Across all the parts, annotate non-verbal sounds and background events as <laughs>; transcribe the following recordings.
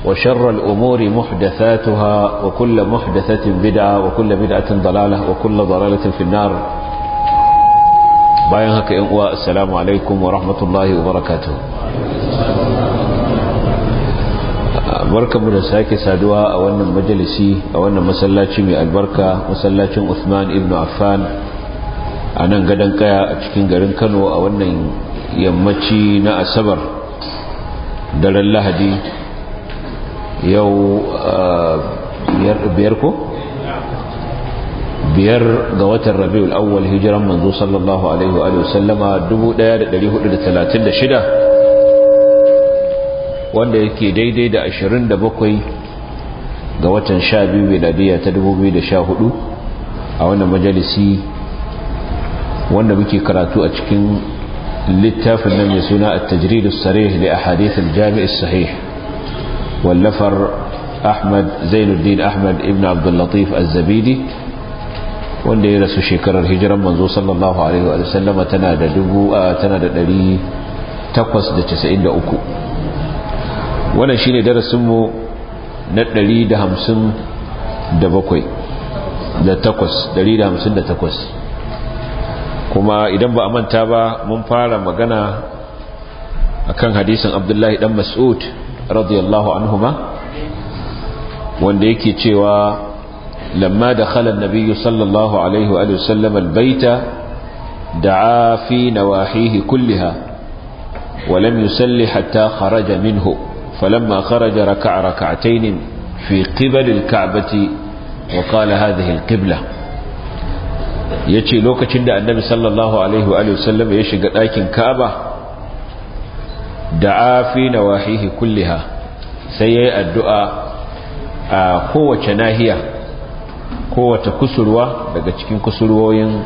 وشر الأمور محدثاتها وكل محدثة بدعة وكل بدعة ضلالة وكل ضلالة في النار باين هكا السلام عليكم ورحمة الله وبركاته barkamu da sake saduwa a wannan majalisi a wannan masallaci mai albarka masallacin usman ibn Affan a nan gadon kaya a cikin garin Kano a wannan yammaci na Asabar daren Lahadi yau uh, biyar ko biyar ga watan rabiul awwal hijiran manzo sallallahu alaihi wa sallama 1436 wanda yake daidai da 27 ga watan 12 miladiya ta 2014 a wannan majalisi wanda muke karatu a cikin littafin nan mai suna at as sarih li ahadith al-jami' as-sahih wallafar ahmad zainuddin ahmad ibn abdullatif az-zabidi wanda ya rasu shekarar hijiran manzo sallallahu alaihi wa sallama tana da dubu tana da 893 wannan shine darasin mu na 157 da 8 158 kuma idan ba a manta ba mun fara magana akan hadisin Abdullahi ɗan Mas'ud radiyallahu anhuma wanda yake cewa lamma dakhala an-nabiy sallallahu alaihi wa sallam al-baita da'a fi nawahihi kulliha. wa lam yusalli hatta kharaja minhu falamma kharaja raka'a rak'atayn fi qibal al-ka'bati wa qala hadhihi yace lokacin da annabi sallallahu alaihi wa sallam ya shiga dakin ka'aba da'a fi nawahihi kulliha sai yayi addu'a a kowace nahiya kowace kusurwa daga cikin kusurwoyin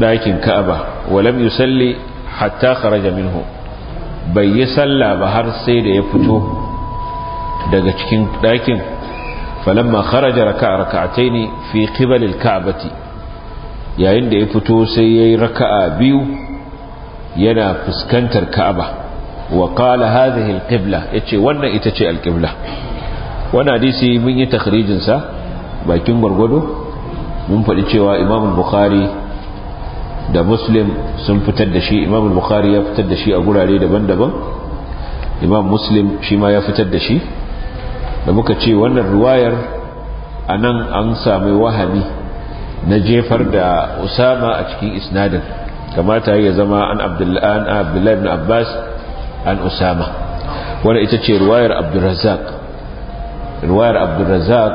ɗakin Ka'aba walam yusalli hatta kharaja minhu bai yi sallah ba har sai da ya fito daga cikin ɗakin falamma kharaja raka'a raka'ataini fi al ka'bati yayin da ya fito sai yayi raka'a biyu yana fuskantar Ka'aba wa kala hadhihi alqibla yace wannan ita ce alqibla wani hadisi mun yi takhrijin sa bakin gurgudu mun faɗi cewa Imam Bukhari da Muslim sun fitar da shi Imam Bukhari ya fitar da shi a gurare daban-daban Imam Muslim shi ma ya fitar da shi da muka ce wannan riwayar anan an sami wahami na jefar da Usama a cikin isnadin kamata ya zama an Abdullahi ibn Abbas an usama wanda ita ce ruwayar Abdulrazak ruwayar Abdulrazak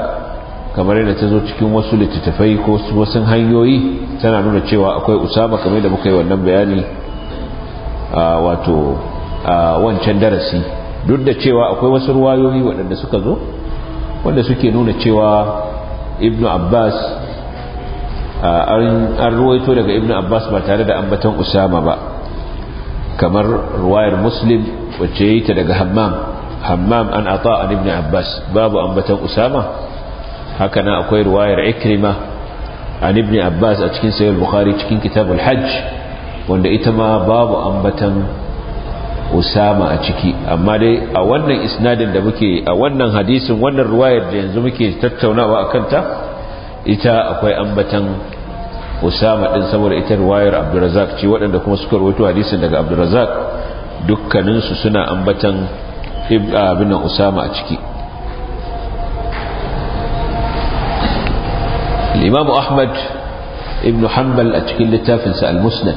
kamar yadda ta zo cikin wasu littattafai ko wasu hanyoyi tana nuna cewa akwai usama kamar da muka yi wannan bayani a wato a wancan darasi duk da cewa akwai wasu ruwayoyi waɗanda suka zo wanda suke nuna cewa ibnu abbas an ruwaito daga ibnu abbas ba tare da ambaton usama ba kamar ruwayar muslim wacce yi ta daga hammam hammam an ata an ibn abbas babu ambatan usama haka na akwai ruwayar ikrima an ibn abbas a cikin sayar bukari cikin kitabul hajj wanda ita ma babu ambatan usama a ciki amma dai a wannan isnadin da muke a wannan hadisin wannan ruwayar da yanzu muke tattaunawa a kanta ita akwai ambatan usama din saboda ita riwayar abdurrazzaq ce waɗanda kuma suka rawaito hadisin daga abdurrazzaq dukkaninsu suna ambatan ibn ah, usama a ciki imamu ahmad ibn hanbal a cikin littafinsa al-musnad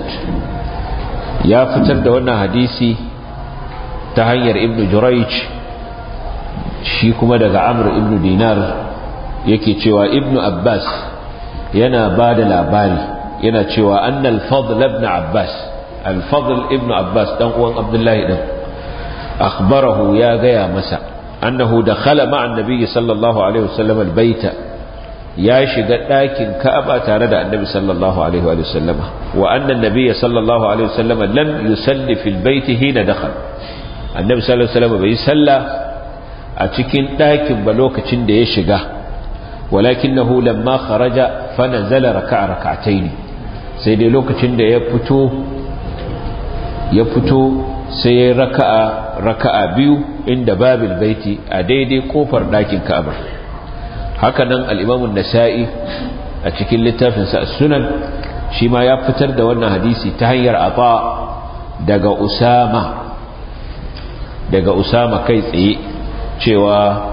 ya fitar da wannan hadisi ta hanyar ibn jurayj shi kuma daga amr ibn dinar yake cewa ibn abbas yana ba da labari yana cewa annal fadl ibn abbas alfadl fadl ibn abbas dan uwan abdullahi din akhbarahu ya gaya masa annahu dakhala ma'a annabi sallallahu alaihi wasallam al-baita ya shiga ɗakin ka'aba tare da annabi sallallahu alaihi wa sallam wa annan nabiy sallallahu alaihi wa sallam lam yusalli fil bait hina dakhala annabi sallallahu alaihi wa sallam bai salla a cikin ɗakin ba lokacin da ya shiga walakinahu lamma kharaja fa nazala raka'a ne sai dai lokacin da ya fito ya fito sai ya raka'a raka'a biyu inda babil baiti a daidai kofar ɗakin Ka'aba haka nan al-Imam an-Nasa'i a cikin littafinsa as-Sunan shi ma ya fitar da wannan hadisi ta hanyar afa daga Usama daga Usama kai tsaye cewa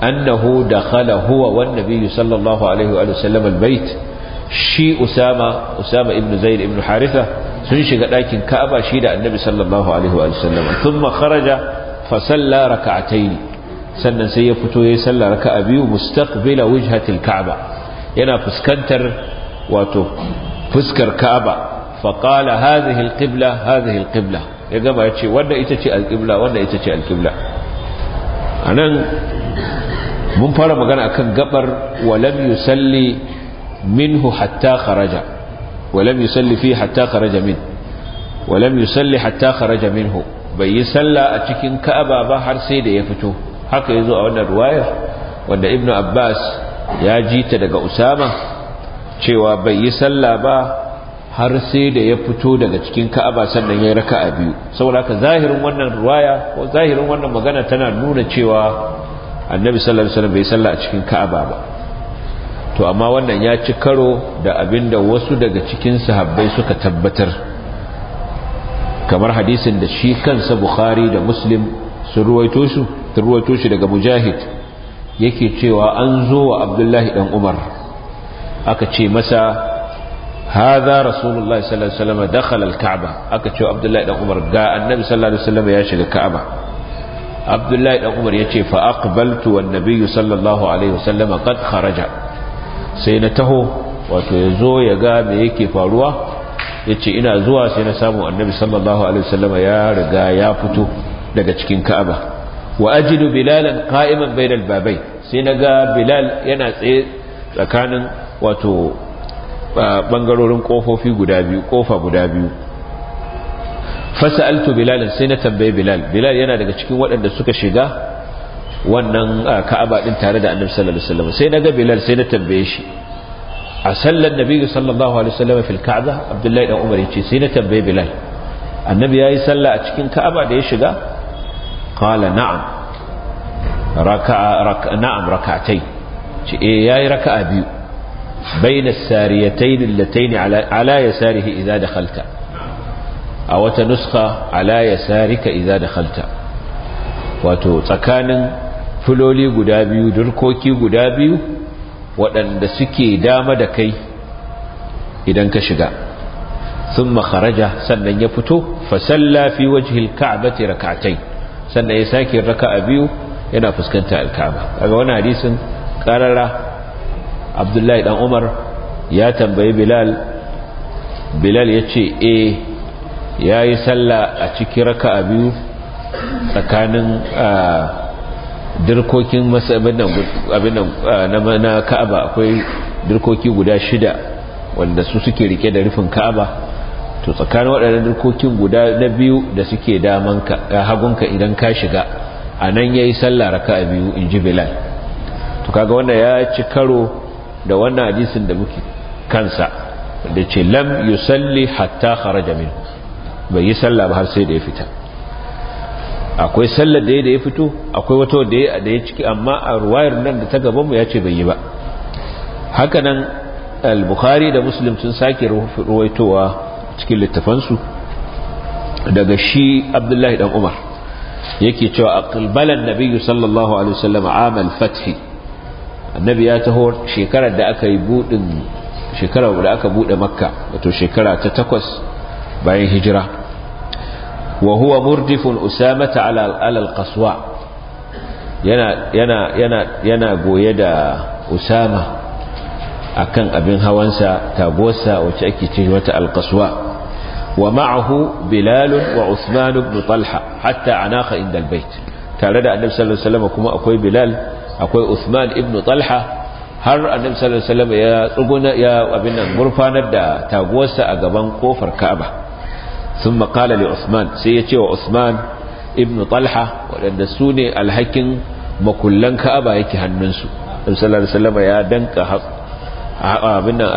annahu dakhala huwa wannabi nabiyyu sallallahu alaihi wa sallam albayt shi usama usama ibn zaid ibnu haritha sun shiga dakin ka'aba shi da annabi sallallahu alaihi wa sallam thumma kharaja fa salla rak'atayn sannan sai ya fito yayin sallar raka'a biyu mustaqbila wajhatil ka'aba yana fuskantar wato fuskar ka'aba fa qala hadhihi alqibla hadhihi alqibla ya gaba yace wanda ita ce alqibla wanda ita ce alqibla a nan mun fara magana akan gabar walam yusalli minhu hatta kharaja walam yusalli fi hatta kharaja min walam yusalli hatta kharaja minhu bai yi sallah a cikin ka'aba ba har sai da ya fito haka yazo a wannan ruwayar wanda ibnu abbas ya jita daga usama cewa bai yi sallah ba har sai da ya fito daga cikin ka'aba sannan ya raka a biyu saboda ka zahirin wannan ruwaya ko zahirin wannan magana tana nuna cewa annabi sallallahu alaihi wasallam bai salla a cikin ka'aba ba to amma wannan ya ci karo da abinda wasu daga cikin sahabbai suka tabbatar kamar hadisin da shi kansa bukhari da muslim sun ruwaito shi ruwaito shi daga mujahid yake cewa an zo wa abdullahi dan umar aka ce masa hadha rasulullahi sallallahu alaihi wasallam dakhala al-ka'ba aka ce abdullahi dan umar ga annabi sallallahu alaihi wasallam ya shiga ka'aba abdullahi dan umar yace fa aqbaltu wan nabiyyu sallallahu alaihi wasallam qad kharaja sai na taho wato yazo ya ga me yake faruwa yace ina zuwa sai na samu annabi sallallahu alaihi wasallam ya riga ya fito daga cikin ka'aba wa ajidu bilalan qa'iman babai sai ga bilal yana tsaye tsakanin wato bangarorin kofofi guda biyu kofa guda biyu fasa'altu bilal sai na tambaye bilal bilal yana daga cikin waɗanda suka shiga wannan ka'aba din tare da annabi sallallahu alaihi wasallam sai naga bilal sai na tambaye shi a sallar nabi sallallahu alaihi wasallam fil ka'aba abdullahi dan umar yace sai na tambaye bilal annabi yayi sallah a cikin ka'aba da ya shiga qala na'am raka'a na'am rak'atai ce eh yayi raka'a biyu بين الساريتين اللتين على, على يساره إذا دخلت أو تنسخة على يسارك إذا دخلت وتتكان فلولي قدابي دركوكي قدابي waɗanda suke dama da kai idan ka shiga sun makaraja sannan ya fito fasalla fi wajihil ka'abati rak'atain sannan ya sake raka'a biyu yana fuskanta alka'aba kaga wannan hadisin ƙarara. abdullahi dan umar ya tambayi bilal bilal ya ce e ya yi salla a cikin raka a biyu tsakanin dirkokin masu abin na ka'aba akwai dirkoki guda shida wanda su suke rike da rufin ka'aba to tsakanin waɗannan dirkokin guda na biyu da suke damanka hagunka idan ka shiga a nan ya yi sallah raka a biyu in ji bilal to kaga wanda ya ci karo da wannan hadisin da muke kansa da ce lam yusalli hatta kharaja min bai yi sallah ba har sai da ya fita akwai sallar da ya da ya fito akwai wata wadda ya da ya ciki amma a ruwayar nan da ta gaban mu ya ce bai yi ba haka nan al-bukhari da muslim sun sake ruwaitowa cikin su. daga shi abdullahi dan umar yake cewa aqbalan nabiyyu sallallahu alaihi wasallam amal fathi annabi ya taho shekarar da aka yi budin shekarar da aka bude makka wato shekara ta takwas bayan hijira wa huwa murdifun usamata ala al-qaswa yana yana yana yana goye da usama akan abin hawansa taguwarsa wacce ake ce wata al-qaswa wa ma'ahu bilal wa usman ibn talha hatta anaka inda al-bait tare da annabi sallallahu alaihi wasallam kuma akwai bilal akwai Usman ibn Talha har annabi sallallahu alaihi ya tsuguna ya abin nan gurfanar da taguwarsa a gaban kofar Ka'aba sun qala li Usman sai ya ce wa Usman ibn Talha waɗanda su ne alhakin makullan Ka'aba yake hannunsu annabi sallallahu alaihi ya danka abin nan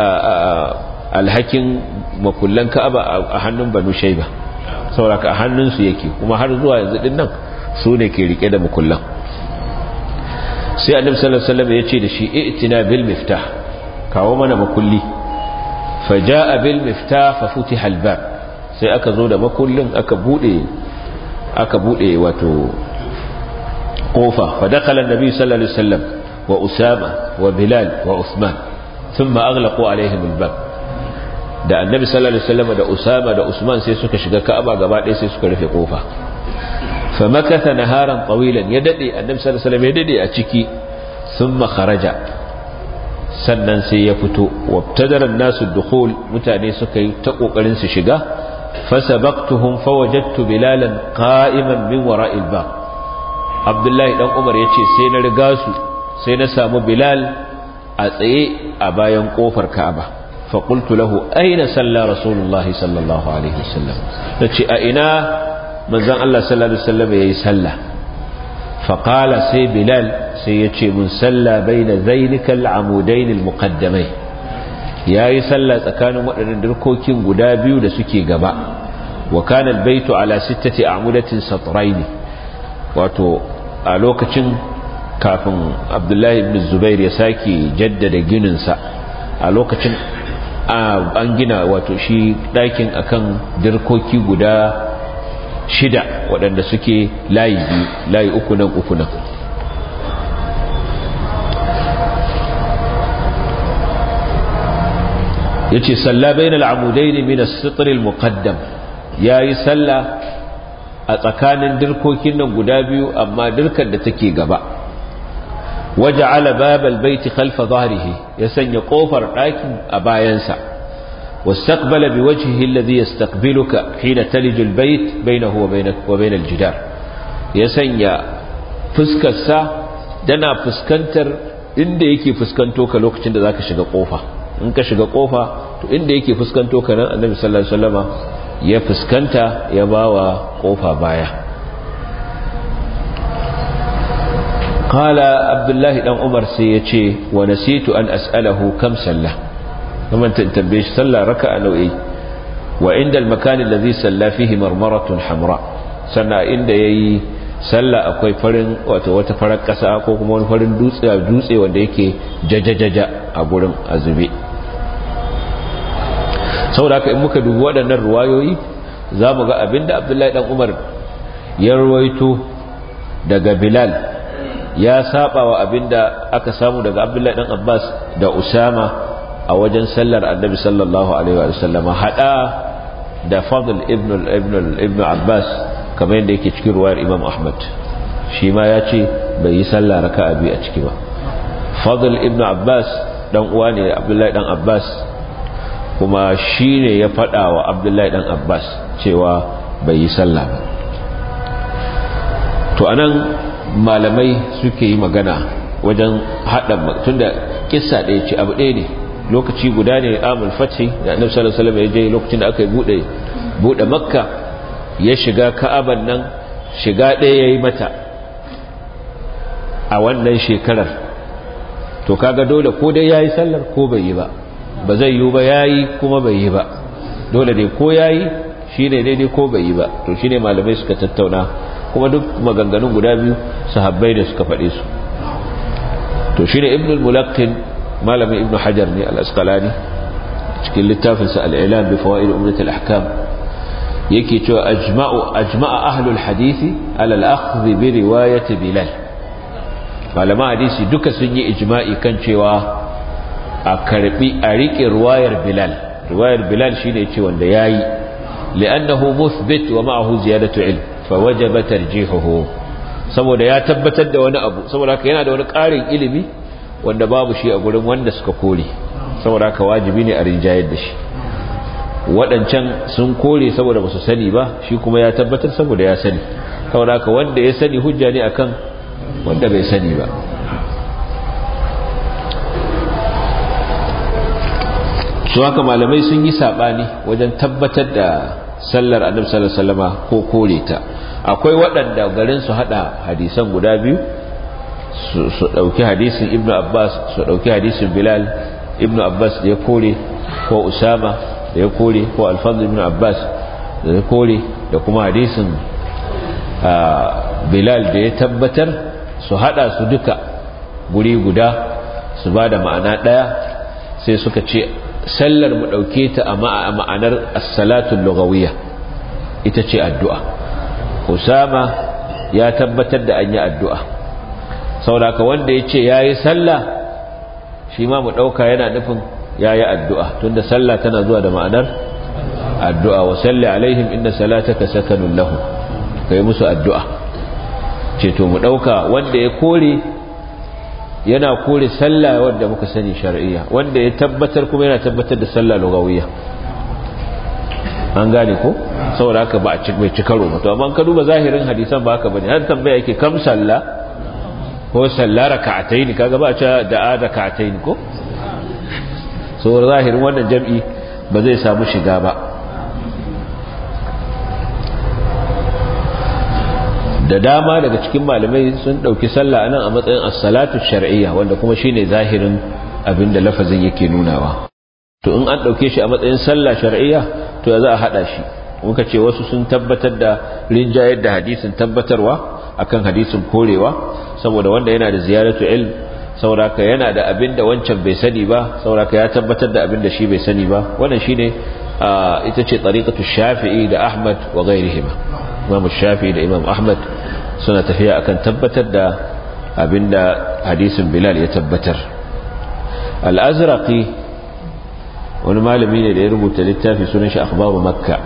alhakin makullan Ka'aba a hannun Banu shaiba sauraka a hannunsu yake kuma har zuwa yanzu din nan su ne ke rike da makullan sai annabi sallallahu alaihi wasallam ya ce da shi i'tina bil miftah kawo mana makulli faja'a bil miftah fa futiha al bab sai aka zo da makullin aka bude aka bude wato kofa fa dakala annabi sallallahu alaihi wasallam wa usama wa bilal wa usman thumma aghlaqu alaihim al bab da annabi sallallahu alaihi wasallam da usama da usman sai suka shiga ka'aba gaba ɗaya sai suka rufe kofa fa na naharan tawilan ya dade annabi sallallahu alaihi ya dade a ciki thumma kharaja sannan sai ya fito wabtadara an-nasu dukhul mutane suka yi ta kokarin su shiga fasabaqtuhum fawajadtu bilalan qa'iman min wara'il ba abdullahi dan umar yace sai na riga su sai na samu bilal a tsaye a bayan kofar ka'aba فقلت له أين صلى رسول الله صلى الله عليه وسلم a ina. manzon Allah sallallahu alaihi wasallam yayi sallah fakala sai bilal sai yace mun salla baina zainikal amudain al muqaddamai yayi sallah tsakanin waɗannan dirkokin guda biyu da suke gaba wa baitu ala sittati amudatin satrain wato a lokacin kafin abdullahi ibn zubair ya sake jaddada gininsa a lokacin an gina wato shi ɗakin akan dirkoki guda shida waɗanda suke layi biyu layi uku nan uku nan ya ce salla bayan al'amudai ne mina sitril muqaddam ya yi salla a tsakanin dirkokin nan guda biyu amma dirkar da take gaba waje ala babal baiti khalfa zahrihi ya sanya kofar ɗakin a bayansa واستقبل بوجهه الذي يستقبلك حين تلج البيت بينه وبينك وبين الجدار يسنيا فسكسا دنا فسكنتر inda yake fuskanto ka lokacin da zaka shiga kofa in ka shiga kofa to inda yake fuskanto ka nan annabi sallallahu alaihi wasallama ya fuskanta ya bawa kofa baya qala abdullahi dan umar sai yace wa nasitu an as'alahu kam sallah kuma tambaye shi sallah a nau'i wa inda da zai allazi salla fihi marmaratun hamra sannan inda yayi sallah akwai farin wato wata farar ƙasa ko kuma wani farin dutse a dutse wanda yake jajajaja a gurin azube saboda haka in muka dubi waɗannan ruwayoyi za mu ga abinda abdullahi dan umar ya ruwaito daga bilal ya saba wa abinda aka samu daga abdullahi dan abbas da usama a wajen sallar annabi sallallahu alaihi wa sallama hada da fadl ibn ibn abbas kamar yadda yake cikin ruwayar imam ahmad shi ma ya ce bai yi sallah raka'a biyu a ciki ba fadl ibn abbas dan uwa ne abdullahi dan abbas kuma shi ne ya fada wa abdullahi dan abbas cewa bai yi sallah ba to anan malamai suke yi magana wajen haɗa tunda kissa ɗaya ce abu ɗaya ne lokaci guda ne amul Fati da annabi sallallahu alaihi wasallam ya je lokacin da aka bude bude makka ya shiga ka'aban nan shiga ɗaya yayi mata a wannan shekarar to kaga dole ko dai yayi sallar ko bai yi ba ba zai yi ba yayi kuma bai yi ba dole dai ko yayi shine dai-dai ko bai yi ba to shine malamai suka tattauna kuma duk maganganun guda biyu sahabbai da suka faɗe su to shine ibnul mulaqqin malamin ibnu hajar ne al-asqalani cikin littafinsa al-ilam bi fawaid umrat al-ahkam yake cewa ajma'u ajma'a ahlul hadisi ala al-akhdh bi riwayat bilal malama hadisi duka sun yi ijma'i kan cewa a karbi a rike riwayar bilal riwayar bilal shine ce wanda yayi li'annahu muthbit wa ma'ahu ziyadatu ilm fawajaba tarjihuhu saboda ya tabbatar da wani abu saboda haka yana da wani ƙarin ilimi wanda babu shi a gurin wanda suka kore saboda haka wajibi ne a rinjayar da shi waɗancan sun kore saboda ba su sani ba shi kuma ya tabbatar saboda ya sani saboda haka wanda ya sani hujja ne akan wanda bai sani ba su haka malamai sun yi saɓani wajen tabbatar da sallar annabi sallallahu alaihi wasallama ko kore ta akwai waɗanda garin su hada hadisan guda biyu su ɗauki hadisin ibn abbas su ɗauki hadisin bilal ibn abbas da ya kore ko usama da ya kore ko alfadu ibn abbas da ya kore da kuma hadisin bilal da ya tabbatar su hada su duka guri guda su ba da ma'ana ɗaya sai suka ce sallar mu ɗauke ta a ma'anar assalatun lugawiya ita ce addu'a usama ya tabbatar da an yi addu'a ka wanda ya ce ya yi sallah shi ma mu ɗauka yana nufin ya yi addu'a tunda sallah tana zuwa da ma'anar addu'a wa salli alaihim inda salataka sakanun lahu ka yi musu addu'a to mu ɗauka wanda ya kore yana kore sallah wanda muka sani shari'iyya wanda ya tabbatar kuma yana tabbatar da sallah lugawiyya an gane ko saboda haka ba a cikin mai ba to amma ka duba zahirin hadisan ba haka bane har tambaya yake kam sallah ko sallah raka'ataini kaga ba a da da'a raka'ataini ko so zahirin wannan jam'i ba zai samu shiga ba da dama daga cikin malamai sun dauki sallah anan a matsayin as-salatu shar'iyya wanda kuma shine zahirin abin da lafazin yake nunawa to in an dauke shi a matsayin sallah shar'iyya to ya za a hada shi muka ce wasu sun tabbatar da rinjayar da hadisin tabbatarwa akan hadisin korewa saboda wanda yana da ziyaratu ilm sauraka yana da abin da wancan bai sani ba sauraka ya tabbatar da abin da shi bai sani ba wannan shine ita ce tariqatu shafi'i da ahmad wa ghairihima imam shafi'i da imam ahmad suna tafiya akan tabbatar da abin da hadisin bilal ya tabbatar al'azraki wani malami ne da ya rubuta littafi sunan shi akhbaru makka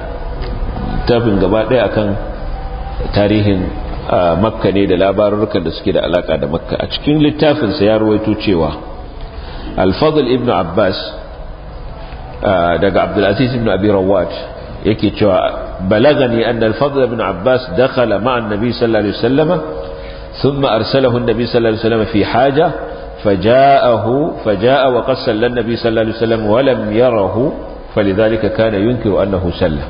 littafin gaba daya akan tarihin makka ne da labarurrukan da suke da alaka da makka a cikin littafinsa ya ruwaito cewa alfadl ibn abbas daga abdulaziz ibn abi rawat yake cewa balagani anna alfadl ibn abbas dakhala ma'an Nabi sallallahu alaihi wasallama thumma arsalahu annabi sallallahu alaihi wasallama fi haja فجاءه فجاء وقد سلى النبي صلى الله عليه وسلم ولم يره فلذلك كان ينكر أنه سلى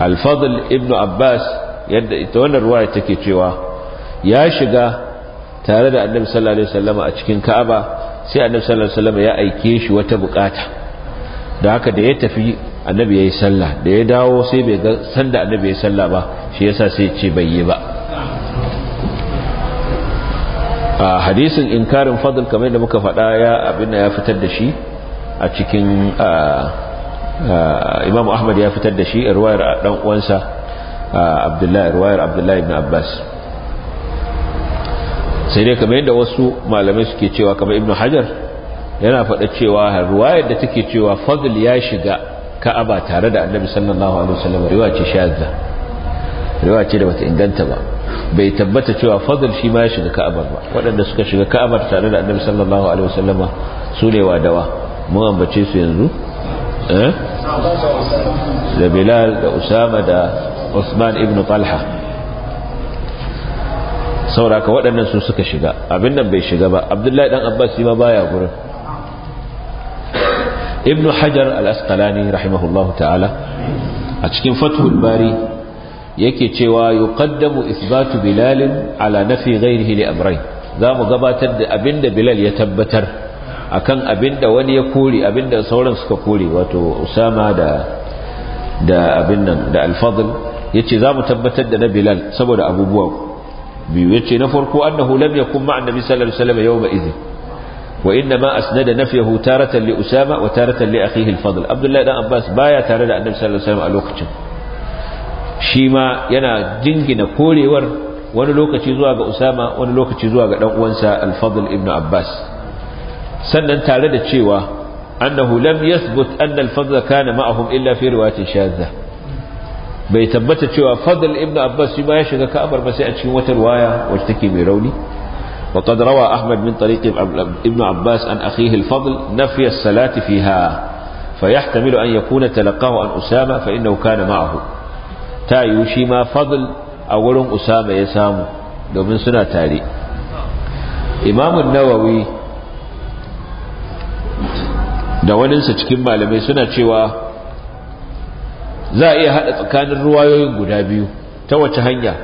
الفضل Ibn Abbas. yadda ita wannan ruwaya take cewa ya shiga tare da annabi sallallahu alaihi wasallama a cikin ka'aba sai annabi sallallahu alaihi wasallama ya aike shi wata bukata da haka da ya tafi annabi yayi sallah da ya dawo sai bai ga sanda annabi yayi sallah ba shi yasa sai ya ce bai yi ba a hadisin inkarin fadl kamar da muka faɗa ya abin ya fitar da shi a cikin imam ahmad ya fitar da shi a ruwayar dan uwansa abdullahi ruwayar abdullahi ibn abbas sai dai kamar yadda wasu malamai suke cewa kamar ibn hajar yana faɗa cewa ruwayar da take cewa fadl ya shiga ka'aba tare da annabi sallallahu alaihi wasallam riwaya ce shadda riwaya ce da bata inganta ba bai tabbata cewa fadl shi ma ya shiga ka'abar ba waɗanda suka shiga ka'abar tare da annabi sallallahu alaihi wasallama su ne wadawa mun ambace su yanzu eh? da bilal da usama da usman ibn talha sauraka waɗannan su suka shiga abin nan bai shiga ba abdullahi dan abbas ma baya gurin ibn hajar al-asqalani rahimahullahu ta'ala a cikin fathul bari yake cewa yuqaddamu isbatu bilal ala nafi ghayrihi li amrayn za mu gabatar da abinda bilal ya tabbatar akan abinda wani ya kore abinda sauran suka kore wato usama da da abin nan da al-fadl yace za mu tabbatar da na bilal saboda abubuwa biyu yace na farko annahu lam yakun ma'a annabi sallallahu alaihi wasallam yawma idhin wa inna ma asnada nafyahu taratan li usama wa taratan li akhihi al-fadl abdullahi dan abbas baya tare da annabi sallallahu alaihi wasallam a lokacin shi ma yana jingina korewar wani lokaci zuwa ga usama wani lokaci zuwa ga dan uwansa al-fadl ibn abbas sannan tare da cewa annahu lam yathbut anna al-fadl kana ma'ahum illa fi riwayatin shadhah bai tabbata cewa fadl ibn abbas shi ba ya shiga ka'abar ba sai a cikin wata riwaya wacce take mai rauni wa qad rawa ahmad min tariq ibn abbas an akhihi al-fadl nafi as-salat fiha فيحتمل أن يكون تلقاه عن أسامة فإنه كان معه ma شيما a wurin أسامة ya samu. من suna تالي إمام nawawi da waninsa cikin malamai suna cewa za a iya haɗa tsakanin ruwayoyin guda biyu ta wace hanya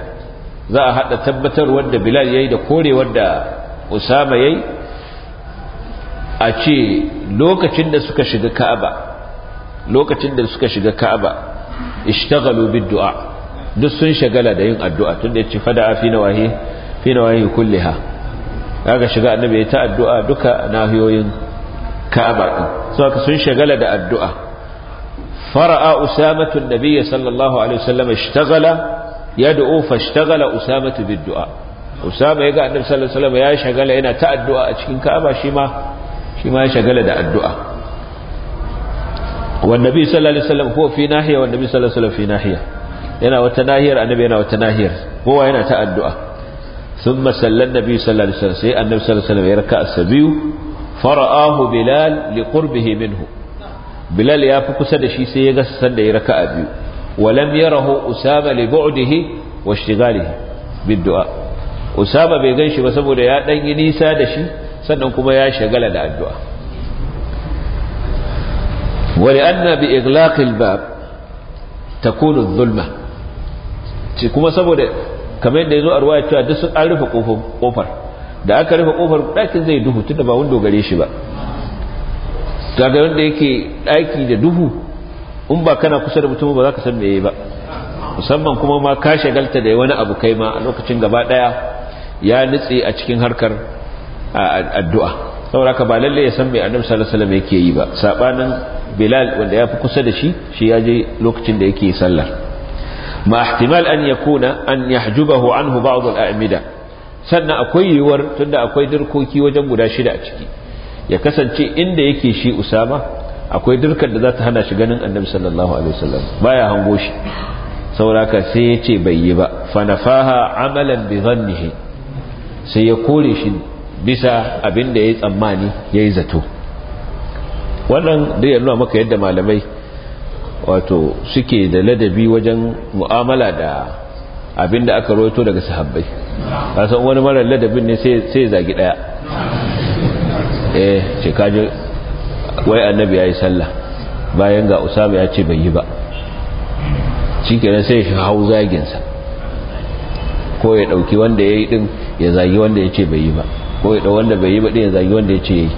za a haɗa tabbatar wanda bilal ya yi da kore wadda usama ya yi a ce lokacin da suka shiga ka'aba lokacin da suka shiga ka'aba ishtaghalu bi du'a duk sun shagala da yin addu'a tunda yace fada fi nawahi fi nawahi kulliha kaga shiga annabi ya ta addu'a duka nahiyoyin ka'aba din so sun shagala da addu'a فرأى أسامة النبي صلى الله عليه وسلم اشتغل يدعو فاشتغل أسامة بالدعاء أسامة يقع النبي صلى الله عليه وسلم يا شغل هنا تأدعاء أتشكين كأبا شما شما شغل دا الدعاء والنبي صلى الله عليه وسلم هو في ناحية والنبي صلى الله عليه وسلم في ناحية هنا وتناهير النبي هنا وتناهير هو هنا تأدعاء ثم سلى النبي صلى الله عليه وسلم النبي صلى الله عليه وسلم يركع السبيو فرآه بلال لقربه منه bilal ya fi kusa da shi sai ya ga sanda ya raka a biyu walam yarahu usama li bu'dihi wa ishtighalihi bid du'a usama bai ganshi ba saboda ya dan yi nisa da shi sannan kuma ya shagala da addu'a wa li'anna bi iglaq al-bab takunu adh-dhulma kuma saboda kamar yadda yazo a ruwaya cewa duk sun an rufe kofar da aka rufe kofar dakin zai duhu tunda ba wani gare shi ba daga wanda yake ɗaki da duhu in ba kana kusa da mutum ba za ka san meye ba musamman kuma ma ka shagalta da wani abu kai ma a lokacin gaba daya ya nutse a cikin harkar addu'a saboda ka ba lalle ya san me annabi sallallahu alaihi wasallam yake yi ba sabanin bilal wanda ya fi kusa da shi shi ya je lokacin da yake sallar ma ihtimal an yakuna an yahjubahu anhu ba'd al-a'mida sannan akwai yiwuwar tunda akwai dirkoki wajen guda shida a ciki ya kasance inda yake shi usama akwai dirkar da za ta hana shi ganin annabi sallallahu alaihi wasallam baya hango shi sauraka sai ya ce bai yi ba fanafaha amalan bi zannihi sai ya kore shi bisa abin da ya yi tsammani ya yi zato wannan da ya nuna maka yadda malamai wato suke da ladabi wajen mu'amala da abin da aka roto daga sahabbai kasan wani marar ladabin ne sai zagi daya eh ce kaji wai annabi ya yi sallah bayan ga usama ya ce bai yi ba shi kenan sai shi hau zaginsa ko ya dauki wanda ya yi din ya zagi wanda ya ce bai yi ba ko ya dau wanda bai yi ba din ya zagi wanda ya ce ya yi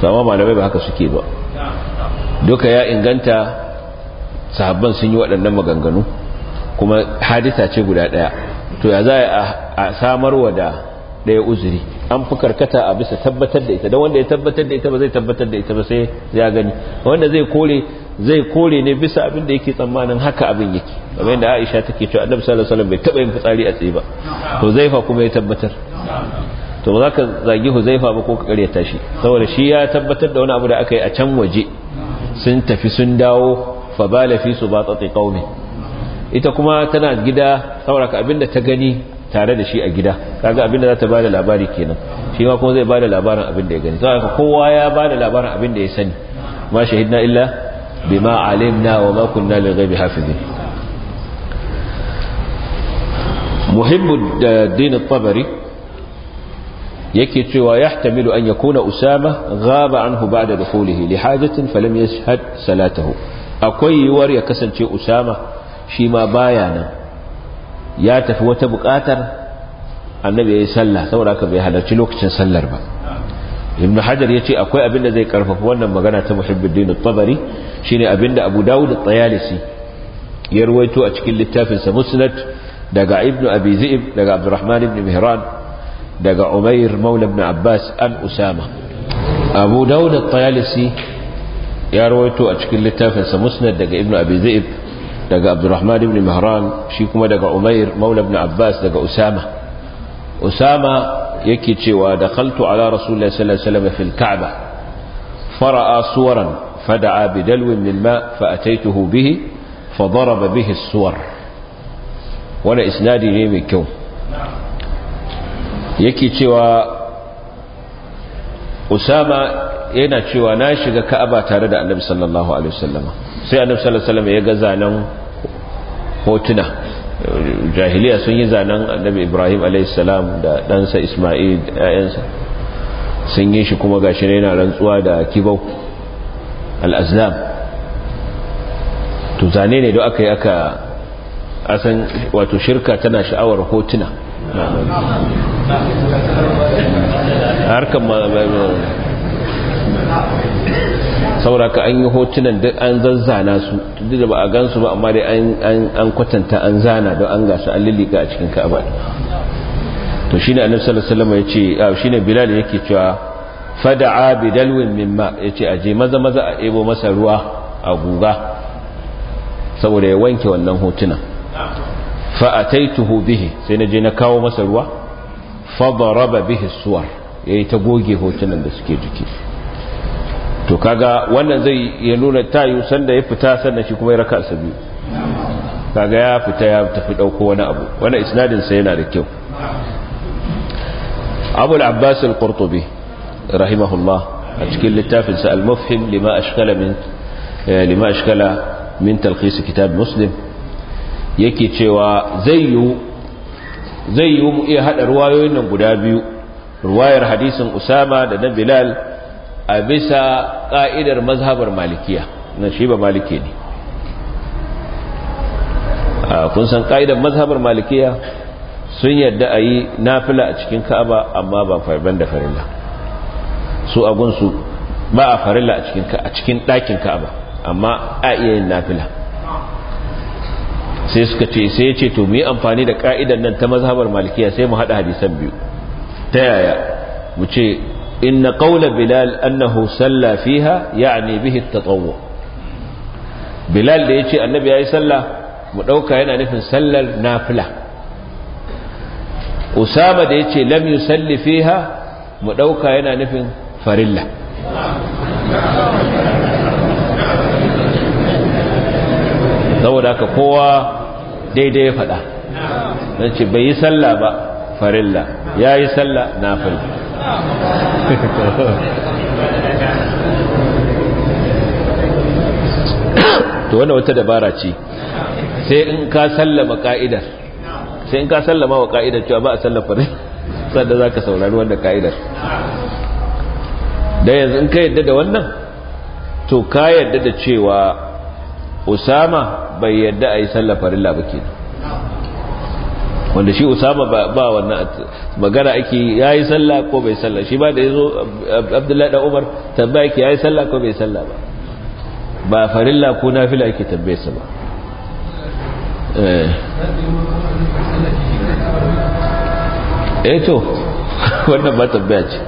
sama malamai ba haka suke ba duka ya inganta sahabban sun yi waɗannan maganganu kuma hadisa ce guda ɗaya to ya za a samarwa da ɗaya uzuri an fi karkata a bisa tabbatar da ita don wanda ya tabbatar da ita ba zai tabbatar da ita ba sai ya gani wanda zai kore zai kore ne bisa abin da yake tsammanin haka abin yake kamar yadda Aisha take cewa Annabi sallallahu alaihi wasallam bai taba yin fitsari a tsaye ba to Zaifa kuma ya tabbatar to ba za ka zagi Huzaifa ba ko ka karyata shi saboda shi ya tabbatar da wani abu da aka yi a can waje sun tafi sun dawo fa bala fi subatati qaumi ita kuma tana gida saboda abin da ta gani tare da shi a gida kaga abinda za ta ba da labari kenan shi ma kuma zai ba da labarin abinda ya gani saboda kowa ya ba da labarin abinda ya sani ma shahidna illa bima alimna wa ma kunna lil ghaibi hafizin muhimmu din at-tabari yake cewa yahtamilu an yakuna usama ghaba anhu ba'da dukhulihi li hajatin falam yashhad salatahu akwai yiwuwar ya kasance usama shi ma baya nan ya tafi wata buƙatar annabi ya yi sallah saboda haka bai halarci lokacin sallar ba ibn hajar ya ce akwai abinda zai karfafa wannan magana ta muhibbuddin tabari shine abin da abu dawud at-tayalisi ya ruwaito a cikin littafinsa musnad daga ibn abi zi'ib daga abdurrahman ibn mihran daga umair maula ibn abbas an usama abu dawud at-tayalisi ya ruwaito a cikin littafinsa musnad daga ibn abi zi'ib daga abdurrahman ibn mahran shi kuma daga umair maula ibn abbas daga usama usama yake cewa da khaltu ala Rasulullahi sallallahu alaihi wasallam fil Ka'bah fara'a suwaran fada'a bidalwin min ma fa ataituhu bihi fa daraba bihi suwar wala isnadi ne mai kyau yake cewa usama yana cewa na shiga ka'aba tare da annabi sallallahu alaihi wasallam sai annabi sallallahu alaihi wasallam ya ga zanen hotuna jahiliya sun yi zanen annabi ibrahim alaihi salam da ɗansa isma'il ƴaƴansa sun yi shi kuma gashi ne yana rantsuwa da kibau al-azlam to zane ne da aka yi aka asan wato shirka tana sha'awar hotuna harkar sauraka ka an yi hotunan duk an zazzana su duk da ba a gansu ba amma dai an kwatanta an zana don an gasa an lilika a cikin ka'aba to shi shine annabi sallallahu alaihi wasallam yace ne bilal ya yake cewa fada'a bidalwin mimma yace aje maza maza a ebo masa ruwa a guga saboda ya wanke wannan hotunan fa tuhu bihi sai na je na kawo masa ruwa fa raba bihi suwar yayi ta goge hotunan da suke jiki to kaga wannan zai ya nuna tayu sanda ya fita sannan shi kuma ya raka sa biyu kaga ya fita ya tafi dauko wani abu wannan isnadin sa yana da kyau Abu al-Abbas al-Qurtubi rahimahullah a cikin littafin sa al-Mufhim lima ashkala min eh, lima ashkala min talqis kitab Muslim yake cewa zai yi zai yi mu iya hada ruwayoyin nan guda biyu ruwayar hadisin Usama da na Bilal a bisa ƙa'idar mazhabar malikiya na shi ba maliki ne kun san ƙa'idar mazhabar malikiya sun yadda a yi nafila a cikin ka'aba amma ba farban da farilla su agunsu ba a farilla a cikin ɗakin ka'aba amma a iya yin nafila sai suka ce sai ya ce to mu yi amfani da ƙa'idar nan ta mazhabar malikiya sai mu haɗa hadisan biyu ta yaya mu ce إن قول بلال أنه سلى فيها يعني به التطوع بلال da yace annabi yayi sallah mu dauka yana nufin sallar nafila usama da yace lam yusalli fiha mu dauka yana nufin farilla saboda ka kowa daidai ya faɗa don ce bai yi sallah ba farilla ya yi sallah to wannan wata dabara ce sai in ka sallama ka'idar sai in ka sallama wa ka'idar cewa ba a sallafa ne sanda za ka saurari wanda ka'idar da yanzu in ka yadda da wannan to ka yadda da cewa usama bai yadda a yi sallafa rilla ba kenan wanda shi usama ba wannan magana ake yayi sallah ko bai sallah shi ba da yazo abdullahi da umar tambaya ya yayi sallah ko bai sallah ba ba farilla ko nafila yake tambaye sa ba eh eh to <laughs> wannan ba tabbai ce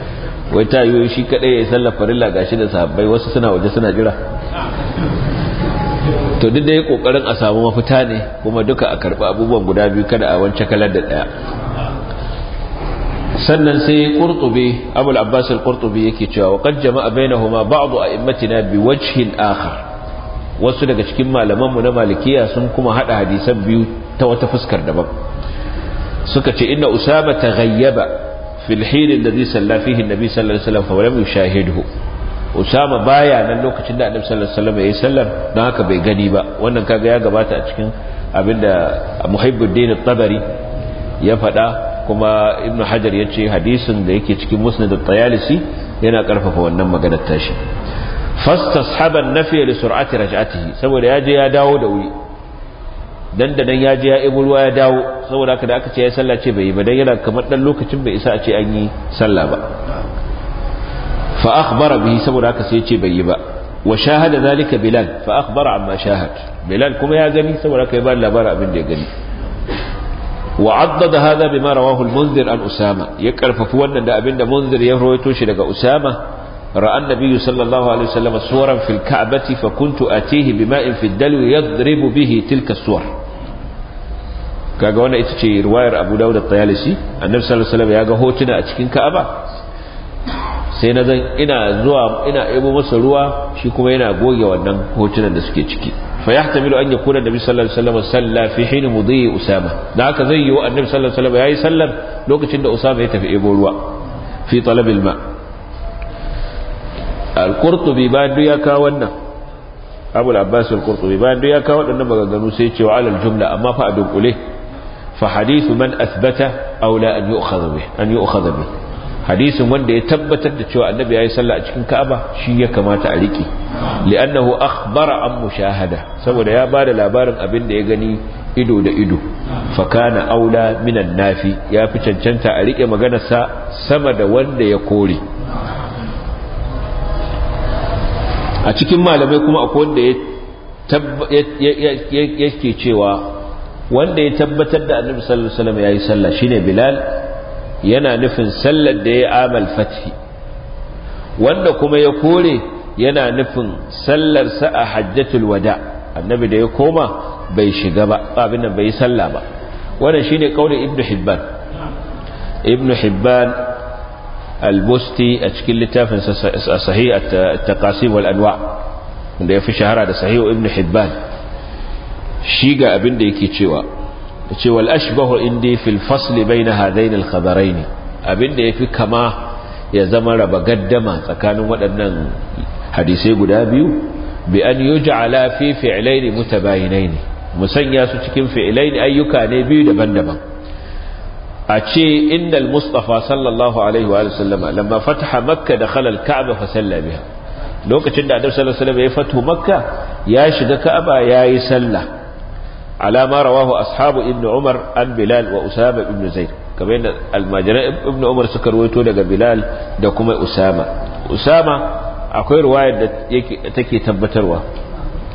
wai ta yi shi kadai yi sallah farilla gashi da sahabbai wasu suna waje suna jira to duk da ya kokarin a samu mafita ne kuma duka a karba abubuwan guda biyu kada a wance kalar da daya sannan sai qurtubi abul abbas al-qurtubi yake cewa wa qad jama'a bainahuma ba'd a'immatina bi wajhin akhar wasu daga cikin malaman mu na malikiya sun kuma hada hadisan biyu ta wata fuskar daban suka ce inna usama taghayyaba fil hin alladhi salla fihi an-nabi sallallahu alaihi wasallam fa lam yushahidhu usama baya nan lokacin da annabi sallallahu alaihi wasallam yi sallar dan haka bai gani ba wannan kaga ya gabata a cikin abinda muhibbuddin at-tabari ya faɗa kuma ibnu hajar ya ce hadisin da yake cikin musnad at-tayalisi yana karfafa wannan maganar tashi fastashaban nafi li sur'ati raj'atihi saboda ya je ya dawo da wuri dan da dan ya je ya ibulwa ya dawo saboda haka da aka ce ya sallace bai yi ba dan yana kamar dan lokacin bai isa a ce an yi sallah ba فأخبر به bihi saboda بيبا وشاهد ذلك بلال فأخبر عما شاهد بلال shahada يا bilal fa akhbara لا shahad من kuma ya وعضد هذا بما رواه المنذر عن أسامة يكرف فوانا دا أبن منذر يروي لغا أسامة رأى النبي صلى الله عليه وسلم صورا في الكعبة فكنت أتيه بماء في الدلو يضرب به تلك الصور كاغوانا اتشي رواير أبو داود الطيالسي النبي صلى الله عليه وسلم يقول هوتنا أتكين كعبة sai na zan ina zuwa ina ebo masa ruwa shi kuma yana goge wannan hotunan da suke ciki fa yahtamilu an yakuna nabi sallallahu alaihi wasallam salla fi hin mudhi usama da haka zai yi wa annabi sallallahu alaihi wasallam yayi sallar lokacin da usama ya tafi ebo ruwa fi talabil ma al-qurtubi ba ya kawo wannan abul abbas al-qurtubi ba ya kawo wadannan maganganu sai ce wa alal jumla amma fa a dunkule fa hadithu man athbata aula an yu'khadha bih an yu'khadha bih hadisin wanda ya tabbatar da cewa annabi ya yi sallah a cikin ka'aba shi ya kamata a riƙe li'annahu akhbara an mushahada saboda ya bada labarin abin da ya gani ido da ido fa kana aula minan nafi ya fi cancanta a riƙe maganarsa sama da wanda ya kore a cikin malamai kuma akwai wanda yake cewa wanda ya tabbatar da annabi sallallahu alaihi wasallam yayi sallah shine bilal yana nufin sallar da ya amal fathi wanda kuma ya kore yana nufin sallarsa a hajjatul wada annabi da ya koma bai shiga ba abin nan bai yi sallah ba wannan shine kaulin ibnu hibban ibnu hibban al-busti a cikin littafin sahih at-taqasim wal anwa wanda ya fi shahara da sahih ibnu hibban shi ga abin da yake cewa ce wal ashbahu indi fil fasl baina hadain al khabarain abinda yafi kama ya zama raba gaddama tsakanin waɗannan hadisai guda biyu bi an yuj'ala fi fi'lain mutabayinain musanya su cikin fi'lain ayyuka ne biyu daban-daban a ce innal mustafa sallallahu alaihi wa sallam lamma fataha makka dakhala al ka'ba fa salla biha lokacin da annabi sallallahu alaihi wa sallam ya fatu makka ya shiga ka'aba yayi sallah على ما رواه أصحاب ابن عمر عن بلال وأسامة ابن زيد كما أن المجرى ابن عمر سكر ويتو لغا بلال دكما أسامة أسامة أكوي رواية تكي تبتروا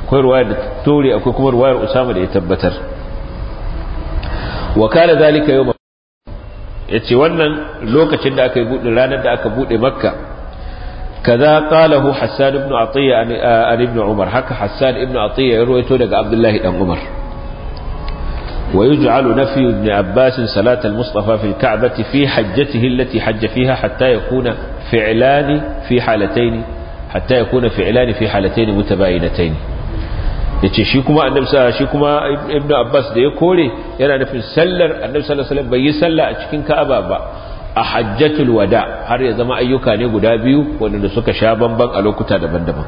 أكوي رواية تولي أكوي كما رواية أسامة ليتبتر وكان ذلك يوم يتي wannan lokacin da aka yi buɗe ranar da aka buɗe makka kaza qalahu ابن ibn atiya an ibn umar haka hassan ibn atiya ya ruwaito daga abdullahi dan umar ويجعل نفي ابن عباس صلاة المصطفى في الكعبة في حجته التي حج فيها حتى يكون فعلان في حالتين حتى يكون فعلان في حالتين متباينتين yace shi kuma annabi sa shi kuma ibnu abbas da ya kore yana nufin sallar annabi sallallahu alaihi wasallam bai yi sallah a cikin ka'aba ba a hajjatul wada har ya zama ayyuka ne guda biyu wadanda suka sha bamban a lokuta daban-daban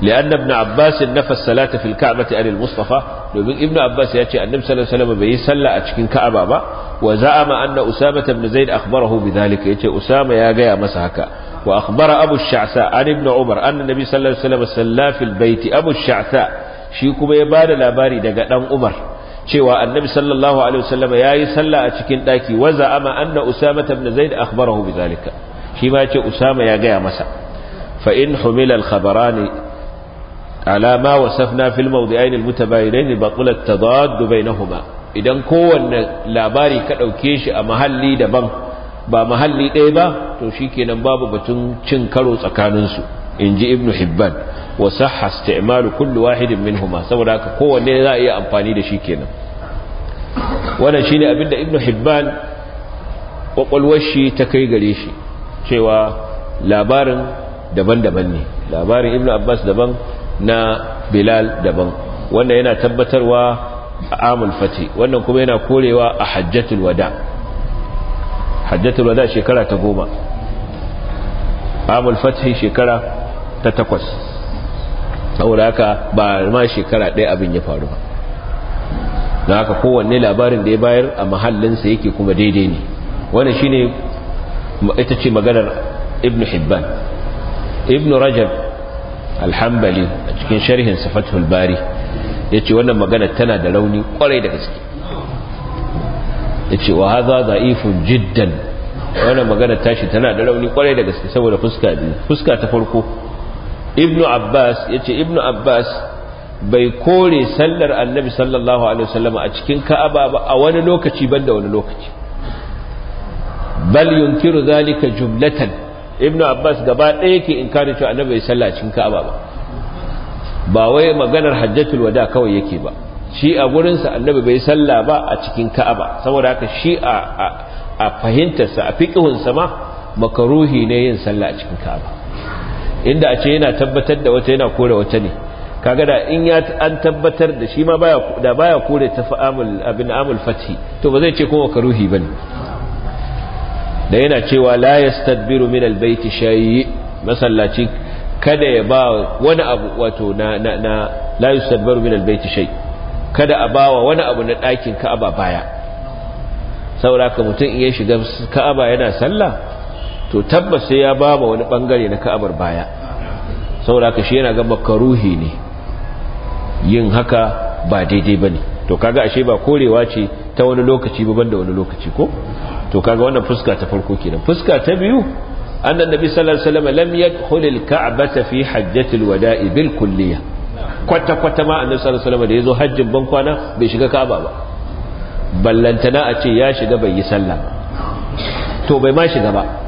li'an ibn abbas nafas salata fil ka'bati an mustafa domin ibn abbas ya ce annabi sallallahu alaihi wasallam bai yi sallah a cikin ka'aba ba wa za'ama anna usama ibn zaid akhbarahu bidhalika yace usama ya gaya masa haka wa akhbara abu sha'sa an ibn umar anna nabi sallallahu alaihi wasallam salla fil baiti abu sha'sa shi kuma ya bada labari daga dan umar cewa annabi sallallahu alaihi wasallam yayi sallah a cikin daki wa za'ama anna usama ibn zaid akhbarahu bizalika shi ma ce usama ya gaya masa fa in humila al khabarani ala ma wasafna fil mawdi'ain al mutabayinain baqula at tadad bainahuma idan kowanne labari ka dauke shi a mahalli daban ba mahalli ɗaya ba to shikenan babu batun cin karo tsakaninsu in ji ibn hibban wa sahha isti'malu kullu wahidin minhuma saboda haka kowanne za a iya amfani da shi kenan wannan shine abinda ibn hibban kwakwalwar shi ta kai gare shi cewa labarin daban-daban ne labarin ibn abbas daban na bilal daban wannan yana tabbatarwa a amul fati wannan kuma yana korewa a hajjatul wada hajjatul wada shekara ta goma amul fati shekara ta takwas saboda haka ba ma shekara ɗaya abin ya faru ba na haka kowanne labarin da ya bayar a mahallinsa yake kuma daidai ne shi shine ita ce maganar ibn hibban ibn rajab alhambali a cikin sharhin safatul bari ya ce wannan maganar tana da rauni kwarai da gaske ya ce wa haza za'ifun jiddan wannan magana tashi tana da rauni kwarai da gaske saboda fuska ta farko ibnu abbas ya ce ibnu abbas bai kore sallar annabi sallallahu alaihi wasallam a cikin ka'aba ba a wani lokaci da wani lokaci bal yunkiru zalika jumlatan ibnu abbas gaba ɗaya yake inkari cewa annabi bai salla a cikin ka'aba ba ba wai maganar hajjatul wada kawai yake ba shi a gurinsa annabi bai salla ba a cikin ka'aba saboda haka shi a a fahimtarsa a fiqihunsa ma makaruhi ne yin sallah a cikin ka'aba inda a ce yana tabbatar da wata yana kore wata ne kaga da in ya an tabbatar da shi ma baya da baya kore ta fa'amul abin amul fathi to ba zai ce kuma ruhi bane da yana cewa la yastadbiru min shay'i masallaci kada ya ba wani abu wato na na na la yastadbiru min kada a bawa wani abu na ɗakin ka'aba baya saboda ka mutum in ya shiga ka'aba yana sallah to tabbas sai ya ba wani bangare na ka'abar baya saboda ka shi yana ga makaruhi ne yin haka ba daidai bane to kaga ashe ba korewa ce ta wani lokaci ba banda wani lokaci ko to kaga wannan fuska ta farko kenan fuska ta biyu أن النبي صلى الله عليه وسلم لم يدخل fi في حجة الوداع kwata kwata ma annabi sallallahu alaihi wasallam da yazo hajjin ban kwana bai shiga Ka'aba ba ballantana a ce ya shiga bai yi sallah to bai ma shiga ba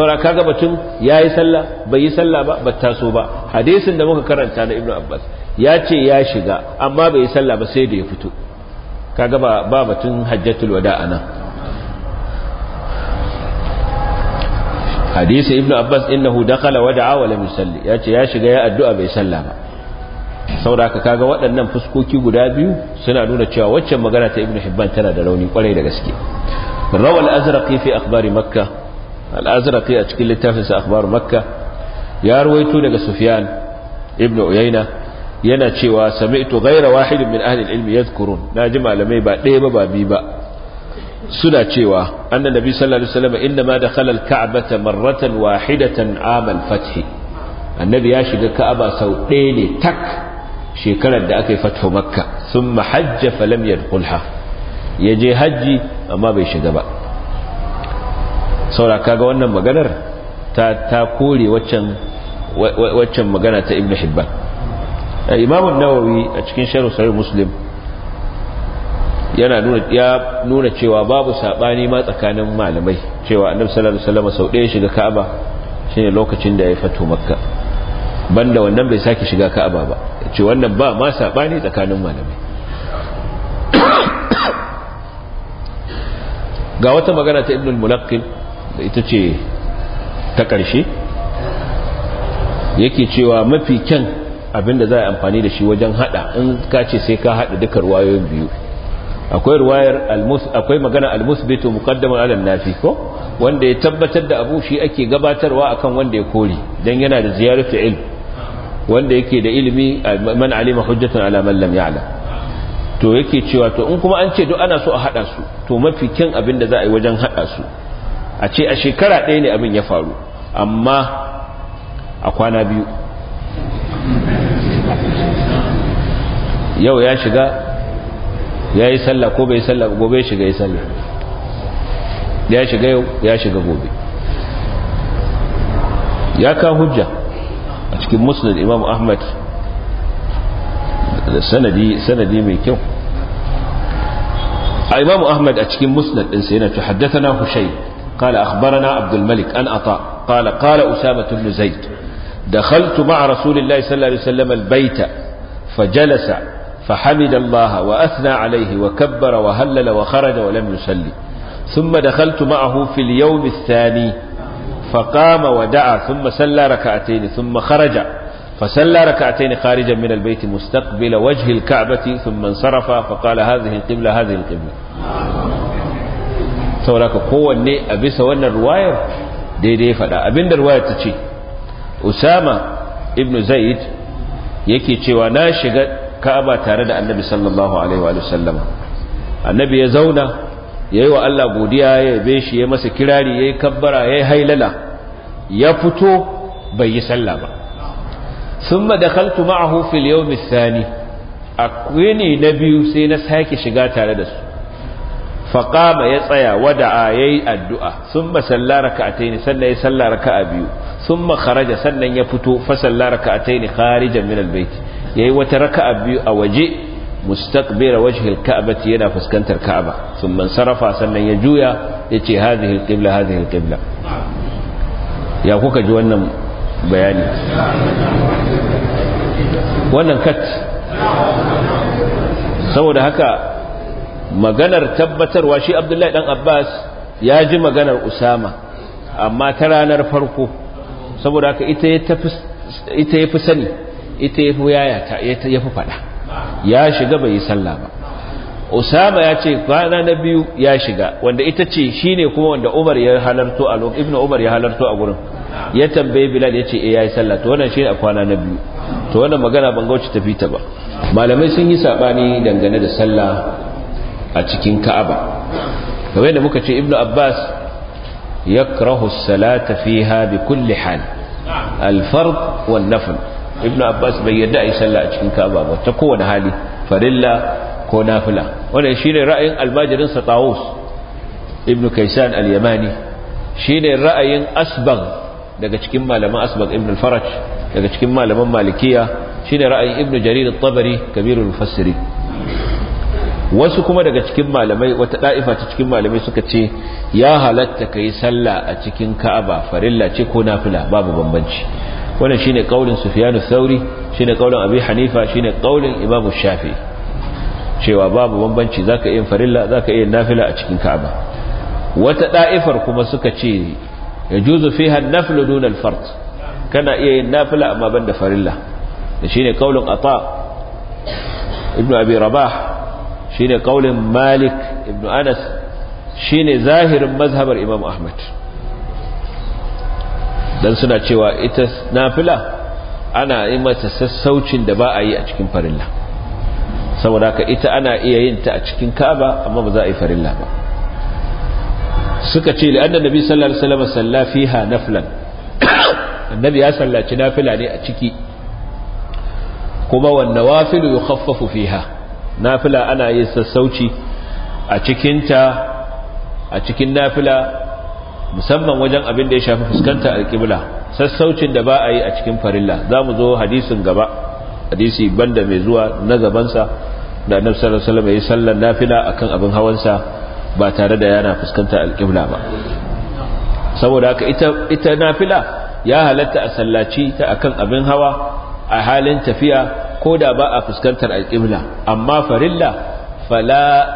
saura kaga batun yayi sallah bai yi sallah ba ba taso ba hadisin da muka karanta na ibnu abbas ya ce ya shiga amma bai yi sallah ba sai da ya fito kaga ba ba batun hajjatul wada ana. hadisi ibnu abbas innahu dakala wada'a wa lam yusalli ya ce ya shiga ya addu'a bai sallah ba ka kaga waɗannan fuskoki guda biyu suna nuna cewa waccan magana ta ibnu hibban tana da rauni kwarai da gaske rawal azraqi fi akhbari makkah al-azraqi a cikin littafin akhbar makka ya ruwaito daga sufyan ibn uyaina yana cewa sami'tu ghayra wahidin min ilmi al-ilm na ji malamai ba ɗaya ba ba bi ba suna cewa annabi sallallahu alaihi wasallam inda ma dakhala al-ka'bata marratan amal fath annabi ya shiga ka'aba sau ɗaya ne tak shekarar da aka yi fatho makka thumma hajja falam ya yaje hajji amma bai shiga ba saura kaga wannan maganar ta kore waccan magana ta ibn hibban eh, an nawawi a cikin sharh sahih muslim yana nuna cewa babu sabani ma tsakanin malamai cewa annabi sallallahu alaihi wasallam sau shiga ka'aba shine lokacin da ya fato makka banda wannan bai sake shiga ka'aba ba ce wannan ba ma sabani tsakanin malamai <coughs> ga wata magana ta ibnul mulaqqin ita ce ta ƙarshe yake cewa mafi kyan abinda za a amfani da shi wajen hada in ka ce sai ka hada duka ruwayoyin biyu akwai ruwayar akwai magana almusbitu alam ala nafi ko wanda ya tabbatar da abu shi ake gabatarwa akan wanda ya kore dan yana da ziyaratu ilm wanda yake da ilimi man alima hujjatan ala man lam ya'lam to yake cewa to in kuma an ce duk ana so a hada su to mafi kyan abinda za a yi wajen hada su a ce a shekara ɗaya ne abin ya faru amma a kwana biyu yau ya shiga ya yi sallah ko bai sallah gobe ya shiga ya sallah ya shiga yau ya shiga gobe ya ka hujja a cikin musulun imam ahmad da sanadi mai kyau a imam ahmad a cikin musulun ɗinsa yana ta haddasa na hushayi قال أخبرنا عبد الملك أن أطاء قال قال أسامة بن زيد دخلت مع رسول الله صلى الله عليه وسلم البيت فجلس فحمد الله وأثنى عليه وكبر وهلل وخرج ولم يسلي ثم دخلت معه في اليوم الثاني فقام ودعا ثم سلى ركعتين ثم خرج فسلى ركعتين خارجا من البيت مستقبل وجه الكعبة ثم انصرف فقال هذه القبلة هذه القبلة saboda ka kowanne a bisa wannan ruwayar daidai faɗa abinda ruwayar ta ce usama ibn zaid yake cewa na shiga ka'aba tare da annabi sallallahu alaihi wa sallama annabi ya zauna yayi wa Allah godiya ya yabe shi ya masa kirari yayi kabbara yayi hailala ya fito bai yi sallah ba thumma dakhaltu ma'ahu fil yawm ath-thani akwai ne na biyu sai na sake shiga tare da su faƙama ya tsaya wada a ya yi addu'a sun masalla raka a taini sannan ya salla raka a biyu sun makaraja sannan ya fito fasalla raka a taini kharijan min albaiti ya yi wata raka a biyu a waje mustaqbira wajhil ka'bati yana fuskantar ka'aba sun man sarrafa sannan ya juya ya ce hadhihi alqibla hadhihi alqibla ya kuka ji wannan bayani wannan kat saboda haka maganar tabbatarwa shi abdullahi dan abbas ya ji maganar usama amma ta ranar farko saboda haka ita ya fi sani ita ya fi yayata ya fi fada ya shiga bai yi sallah ba usama ya ce kwana na biyu ya shiga wanda ita ce shi ne kuma wanda umar ya halarto a lokacin ibn umar ya halarto a gurin ya tambaye bilal ya ce e ya yi sallah to wannan shi ne a kwana na biyu to wannan magana ban gauci tafi ta ba malamai sun yi saɓani dangane da sallah a cikin ka'aba kamar da muka ce ibnu abbas yakrahu as-salata fiha bi kulli hal al-fard wal nafl ibnu abbas bai yadda yi sallah a cikin ka'aba ba ta kowane hali farilla ko nafila wannan shine ra'ayin almajirin sa tawus ibnu kaysan al-yamani shine ra'ayin asbag daga cikin malaman asbaq ibn al-faraj daga cikin malaman malikiya shine ra'ayin ibn jarir at-tabari kabirul mufassiri wasu kuma daga cikin malamai wata da'ifa ta cikin malamai suka ce ya halatta ka yi sallah a cikin Ka'aba farilla ce ko nafila babu bambanci wannan shine kaulin Sufyan al-Thauri shine kaulin Abi Hanifa shine kaulin Imam Shafi cewa babu bambanci zaka yin farilla zaka yin nafila a cikin Ka'aba wata da'ifar kuma suka ce yajuzu fiha an-naflu dun al-fard kana iya yin nafila amma banda farilla shine kaulin Ata ibn Abi Rabah shine kaulin malik ibn anas shine zahirin mazhabar imam ahmad dan suna cewa ita nafila ana yi mata sassaucin da ba a yi a cikin farilla saboda haka ita ana iya yin ta a cikin kaba amma ba za a yi farilla ba suka ce da annan nabi sallallahu alaihi wasallam salla fiha naflan <coughs> annabi ya sallaci nafila ne a ciki kuma wan nawafilu yukhaffafu fiha nafila ana yin sassauci a cikinta a cikin nafila musamman wajen abin da ya shafi fuskanta alƙibla sassaucin da ba a yi a cikin farilla za mu zo hadisin gaba hadisi banda mai zuwa na gabansa da annabi sallallahu alaihi wasallam ya sallar nafila akan abin hawansa ba tare da yana fuskanta alƙibla ba saboda haka ita nafila ya halatta a sallaci ta akan abin hawa a halin tafiya ko da ba a fuskantar alƙibla amma farilla fala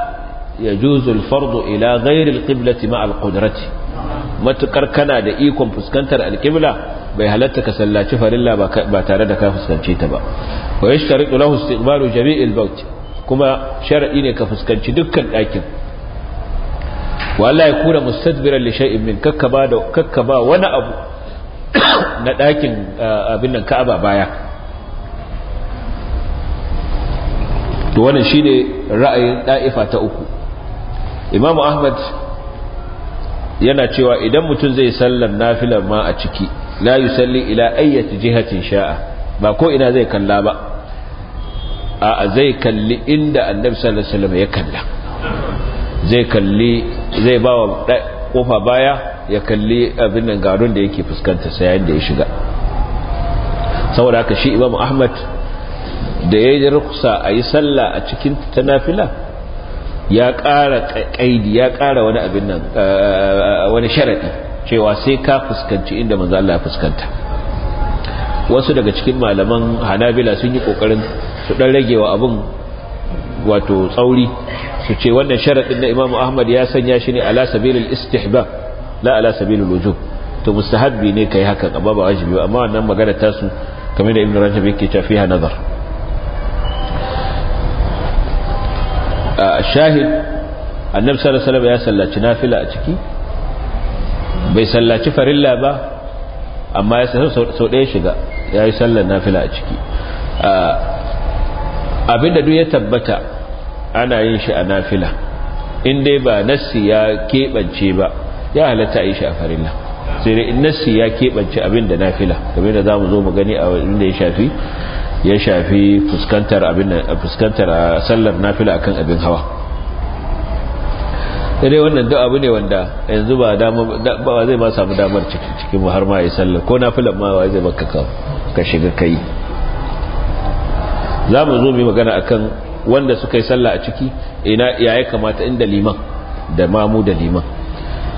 ya juzul fardu ila ghairil qiblati ma matukar kana da ikon fuskantar alƙibla bai halatta ka sallaci farilla ba tare da ka fuskance ta ba wa yashtaritu lahu istiqbalu jami'il bawt kuma shar'i ne ka fuskanci dukkan ɗakin wa Allah ya kura mustadbiran li shay'in min kakkaba da kakkaba wani abu <coughs> na ɗakin ah, abin nan Ka'aba baya to wannan shine ra'ayin da'ifa ta uku imamu ahmad yana cewa idan mutum zai sallar nafilar ma a ciki la yusalli ila ayyati jihatin sha'a ba ko ina zai kalla ba a zai kalli inda annabi sallallahu alaihi wasallam ya kalla zai kalli zai ba wa kofa baya ya kalli abin nan garin da yake fuskanta sai yayin da ya shiga saboda haka shi imamu ahmad da ya yi rukusa a yi sallah a cikin ta nafila ya ƙara ƙaidi ya kara wani abin nan eh, eh, wani sharaɗi cewa sai ka fuskanci inda manzo Allah ya fuskanta wasu daga cikin malaman hanabila sun yi ƙoƙarin su ɗan rage wa wato tsauri su ce wannan sharaɗin na imamu ahmad ya sanya shi ne ala sabilul istihbab la ala sabilul wujub to mustahabbi ne kai haka amma ba wajibi amma wannan magana tasu kamar da ibnu rajab yake ta fiha nazar shahid annabi sallallahu alaihi ya sallaci nafila a ciki bai sallaci farilla ba amma ya sau ɗaya shiga ya yi sallar nafila a ciki abinda duk ya tabbata ana yin shi a nafila in dai ba nassi ya keɓance ba ya halatta a yi shi a farilla sai dai nassi ya keɓance abinda nafila game da za mu zo mu gani a wanda ya shafi ya shafi fuskantar abin fuskantar ah, sallar nafila akan abin hawa dare wannan duk abu ne wanda yanzu ba zai ma samu damar cikin har ma yi sallar ko nafilan ma zai baka ka ka shiga kai za mu zo mu magana akan wanda suka yi sallah a ciki ina ya kamata inda liman da mamu da liman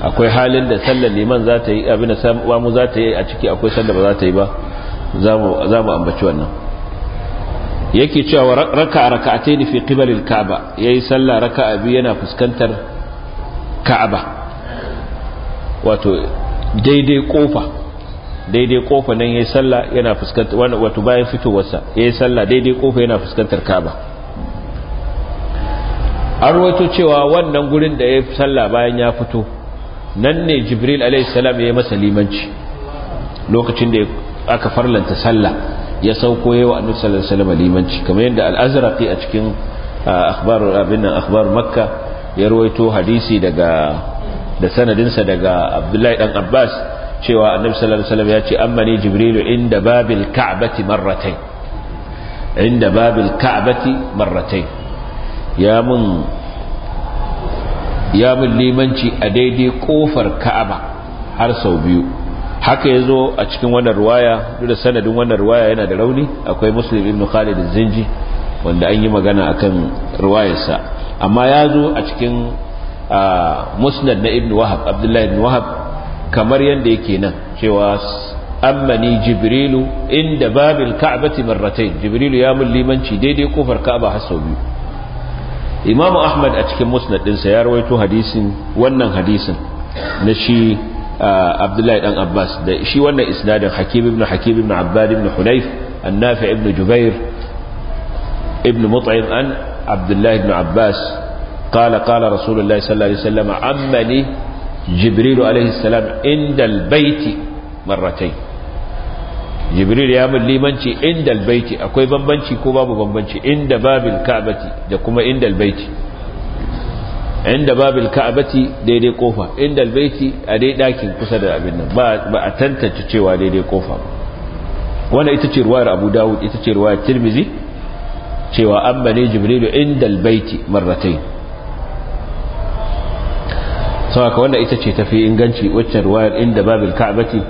akwai halin da sallar liman za ta yi abin da mamu za ta yi a ciki akwai sallar ba za ta yi ba za mu ambaci wannan yake cewa raka raka'atayn fi qibal al-ka'ba yayi sallah raka'a biyu yana fuskantar ka'aba wato daidai kofa daidai kofa nan yayi sallah yana fuskantar wato bayan fitowarsa yayi sallah daidai kofa yana fuskantar ka'aba an rawaito cewa wannan gurin da ya sallah bayan ya fito nan ne jibril alaihi salam ya yi masa limanci lokacin da aka farlanta sallah ya sauko yawa annabi sallallahu alaihi limanci kamar yadda al'azraki a cikin akhbar abin nan akhbar makka ya ruwaito hadisi da sanadinsa daga abdullahi dan abbas cewa annabi sallallahu alaihi ya ce ammani jibrilu inda babil ka'bati marratayn inda babil ya mun ya mun limanci a daidai kofar ka'aba har sau biyu haka ya zo a cikin wannan ruwaya duk da sanadin wannan ruwaya yana da rauni akwai muslim ibn khalid zinji wanda an yi magana akan ruwayarsa amma ya zo a cikin musnad na ibn wahab abdullahi ibn wahab kamar yadda yake nan cewa ammani jibrilu inda babil ka'bati marratayn jibrilu ya mun limanci daidai kofar ka'aba har sau biyu imam ahmad a cikin musnad ɗinsa ya rawaito hadisin wannan hadisin na shi abdullahi dan abbas da shi wannan isnadin hakim ibn hakim ibn abbad ibn hunayf annafi ibn jubair ibn mut'im an abdullahi ibn abbas qala qala rasulullahi sallallahu alaihi wasallam ammani jibril alaihi salam inda albayti marratayn jibril ya mun limanci inda albayti akwai bambanci ko babu bambanci inda babil ka'bati da kuma inda albayti inda babil ka'abati daidai kofa inda albaiti a dai dakin kusa da abin nan ba a tantance cewa daidai kofa ba wannan ita ce ruwayar abu dawud ita ce ruwayar tirmizi cewa an bane jibrilu inda albaiti marratai sauka wanda ita ce tafi inganci waccan ruwayar inda babil ka'abati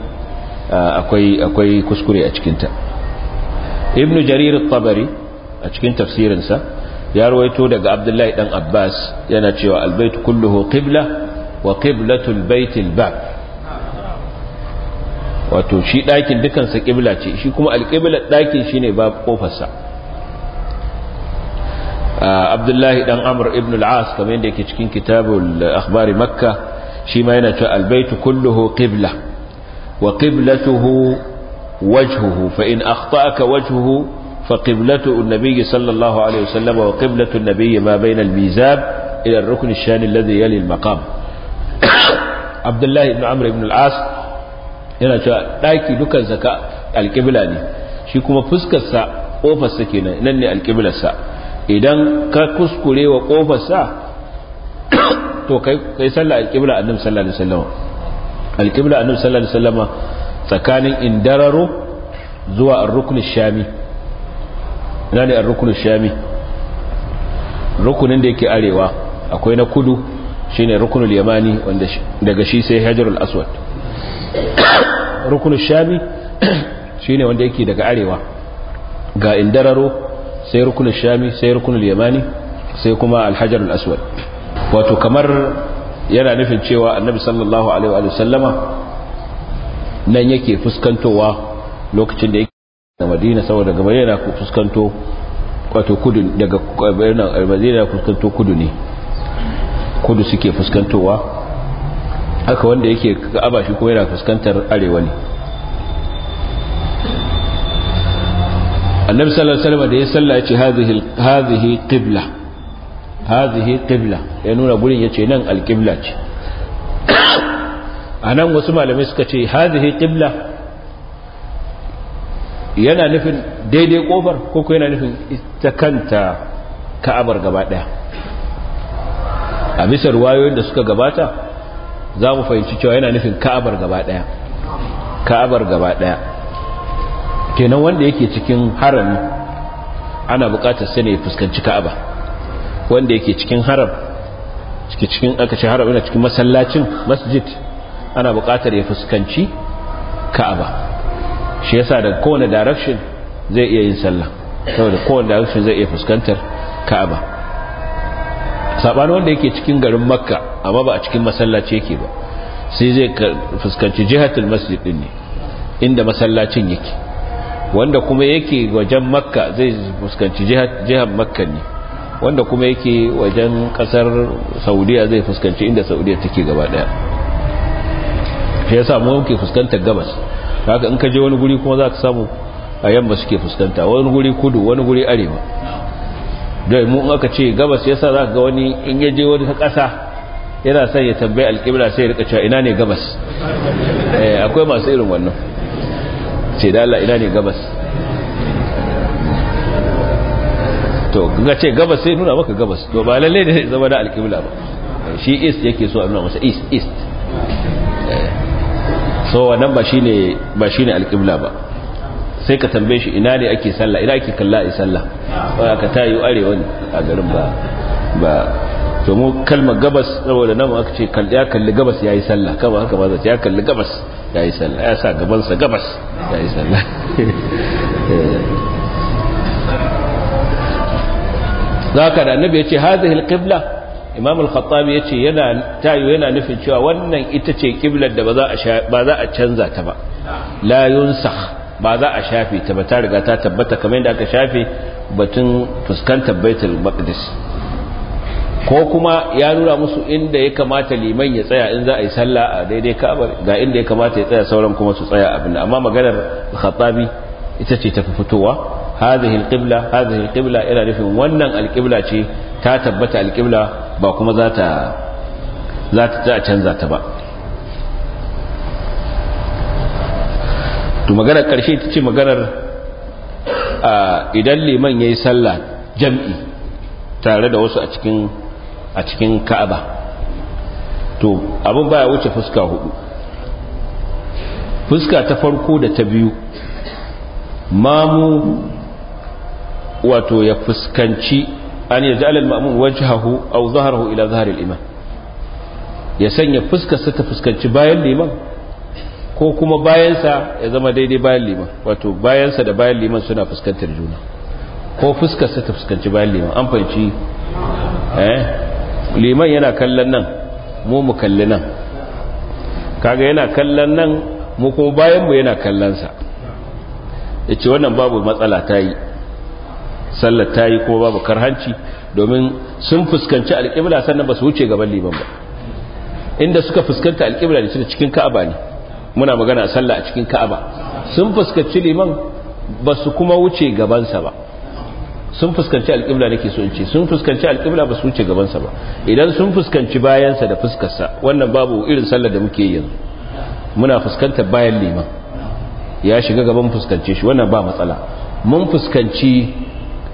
akwai akwai kuskure a cikinta Ibn jarir at-tabari a cikin tafsirinsa ya rawaito daga abdullahi dan abbas yana cewa albaitu kulluhu qibla wa qiblatul baitil bab wato shi ɗakin dukansa ƙibla ce shi kuma alƙiblar dakin shine ne ba ƙofarsa abdullahi ɗan Amar ibn al'as kamar yadda yake cikin kitabul akhbari makka shi ma yana cewa albaitu kulluhu qibla wa qiblatuhu wajhuhu fa in akhtaaka wajhuhu فقبلة النبي صلى الله عليه وسلم وقبلة النبي ما بين الميزاب إلى الركن الشان الذي يلي المقام <coughs> عبد الله بن عمرو بن العاص yana cewa ɗaki dukan zaka alƙibla ne shi kuma fuskarsa ƙofarsa kenan nan ne alƙiblarsa idan ka kuskure wa to kai sallah alƙibla annabi sallallahu alaihi wasallam alƙibla annabi sallallahu alaihi wasallam tsakanin indararu zuwa ar-rukn shami na ne a rukunin shami rukunin da yake arewa akwai na kudu ne rukunin yamani wanda daga shi sai hajjarul aswad <coughs> rukunin shami <coughs> shi ne wanda yake daga arewa ga indararo sai rukunin shami sai rukunin yamani sai kuma alhajjarul aswad wato kamar yana nufin cewa annabi sallallahu alaihi wa sallama nan yake fuskantowa lokacin da da madina saboda gaba yana fuskanto wato kudu daga madina fuskanto kudu ne kudu suke fuskantowa haka wanda yake ka'aba shi ko yana fuskantar arewa ne annabi sallallahu alaihi wasallam da ya salla yace hadhihi hadhihi qibla hadhihi qibla ya nuna gurin yace nan alqibla ce anan wasu malamai suka ce hadhihi qibla yana nufin daidai kofar ko ko yana nufin ta kanta ka'abar gaba daya a bisa ruwayoyin da suka gabata za mu fahimci cewa yana nufin ka'abar gaba daya ka'abar gaba daya kenan wanda yake cikin haram ana bukatar sai ne fuskanci ka'aba wanda yake cikin haram cikin cikin aka ce haram yana cikin masallacin masjid ana bukatar ya fuskanci ka'aba shi yasa da kowane direction zai iya yin sallah saboda kowane direction zai iya fuskantar ka'aba sabani wanda yake cikin garin makka amma ba a cikin masallaci yake ba sai zai fuskanci jihatul masjid din ne inda masallacin yake wanda kuma yake wajen makka zai fuskanci jihar makka ne wanda kuma yake wajen kasar saudiya zai fuskanci inda saudiya take gaba daya shi yasa mu muke fuskantar gabas kaga in ka je wani guri kuma za ka samu a yamma suke fuskanta wani guri kudu wani guri arewa da mu in aka ce gabas yasa za ga wani in ya je wani ƙasa yana son ya tambayi alƙibla sai ya rika cewa ina ne gabas eh, akwai masu irin wannan ce da Allah ina ne gabas to ga ce gabas sai nuna maka gabas to ba lalle ne zama da alƙibla ba shi east yake so a nuna masa east east eh. so wannan ba shine ba shine alqibla ba sai ka tambaye shi ina ne ake sallah ina ake kalla ai sallah ba ka tayi arewa ne a garin ba ba to mu kalma gabas saboda nan aka ce ya kalli gabas yayi sallah kama haka ba ta ya kalli gabas yayi sallah ya sa gaban sa gabas yayi sallah <laughs> eh. zaka da annabi yace hadhihi alqibla imam al-khattabi yace yana tayo yana nufin cewa wannan ita ce kiblar da ba za a canza ta ba la yunsakh ba za a shafe ta ba ta riga ta tabbata kamar yadda aka shafe batun fuskantar baitul maqdis ko kuma ya nuna musu inda ya kamata liman ya tsaya in za a yi sallah a daidai ka'aba ga inda ya kamata ya tsaya sauran kuma su tsaya abin amma maganar al-khattabi ita ce tafi fitowa hadhihi al-qibla hadhihi al-qibla ila nufin wannan al-qibla ce ta tabbata al-qibla ba kuma za ta za ta canza ta ba to maganar ƙarshe ta ce maganar idan liman ya yi sallah jam'i tare da wasu a cikin ka'aba to abin baya wuce fuska hudu fuska ta farko da ta biyu mamu wato ya fuskanci an yaj'al al-ma'mum wajhahu aw zahrahu ila zahri al-imam ya sanya fuskar sa ta fuskanci bayan liman ko kuma bayansa ya zama daidai bayan liman wato bayansa da bayan liman suna fuskantar juna ko fuskar sa ta fuskanci bayan liman an fanci eh liman yana kallon nan mu mu kalli nan kaga yana kallon nan mu kuma bayan mu yana kallon sa yace wannan babu matsala ta yi sallar ta yi kuma babu karhanci domin sun fuskanci alƙibla sannan ba su wuce gaban liman ba inda suka fuskanta alƙibla da cikin ka'aba ne muna magana a sallah a cikin ka'aba sun fuskanci liman ba su kuma wuce gabansa ba sun fuskanci alƙibla nake so in ce sun fuskanci alƙibla ba su wuce gabansa ba idan sun fuskanci bayansa da fuskarsa wannan babu irin sallar da muke yanzu muna fuskantar bayan liman ya shiga gaban fuskance shi wannan ba matsala mun fuskanci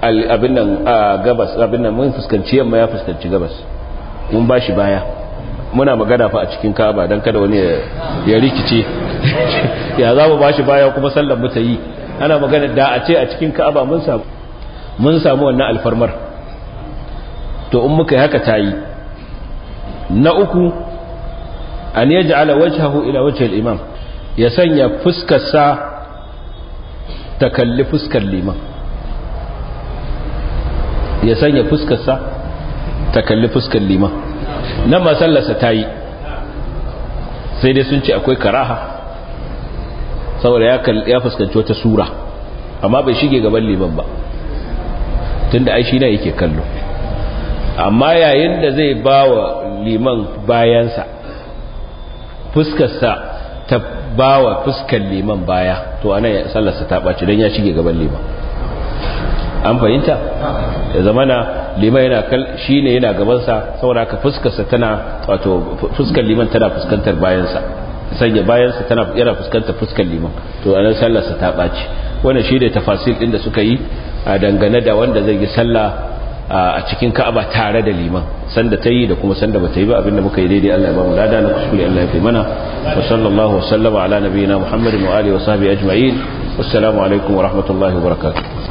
abinnan nan gabas abinnan nan mun fuskanci yamma ya fuskanci gabas mun bashi baya muna magana fa a cikin kaba don kada wani ya rikice <laughs> ya za mu bashi baya kuma sallar mu ta yi ana magana da a ce a cikin kaba mun samu mun samu wannan alfarmar to in muka yi haka ta yi na uku an yaj'ala wajhahu ila wajhi al-imam ya sanya fuskarsa ta kalli fuskar liman ya sanya fuskarsa ta kalli fuskar liman nan ma ta yi sai dai sun ce akwai karaha saboda ya fuskanci wata sura amma bai shige gaban liman ba tunda ai shi ne yake kallo amma yayin da zai ba wa liman bayansa fuskarsa ta ba wa fuskar liman baya to ana sallarsa ta ɓaci don ya shige gaban liman an fahimta da zamana liman yana shi ne yana gabansa saboda ka fuskarsa tana wato fuskar liman tana fuskantar bayansa sanya bayansa tana yana fuskantar fuskar liman to anan sallarsa ta ɓaci wannan shi ne tafasil ɗin da suka yi a dangane da wanda zai yi sallah a cikin ka'aba tare da liman sanda ta yi da kuma sanda ba ta yi ba abinda muka yi daidai Allah ya ba mu lada na kuskure Allah ya fi mana wa sallallahu wa sallama ala nabiyina Muhammadin wa alihi wa sahbihi ajma'in assalamu alaikum wa rahmatullahi wa barakatuh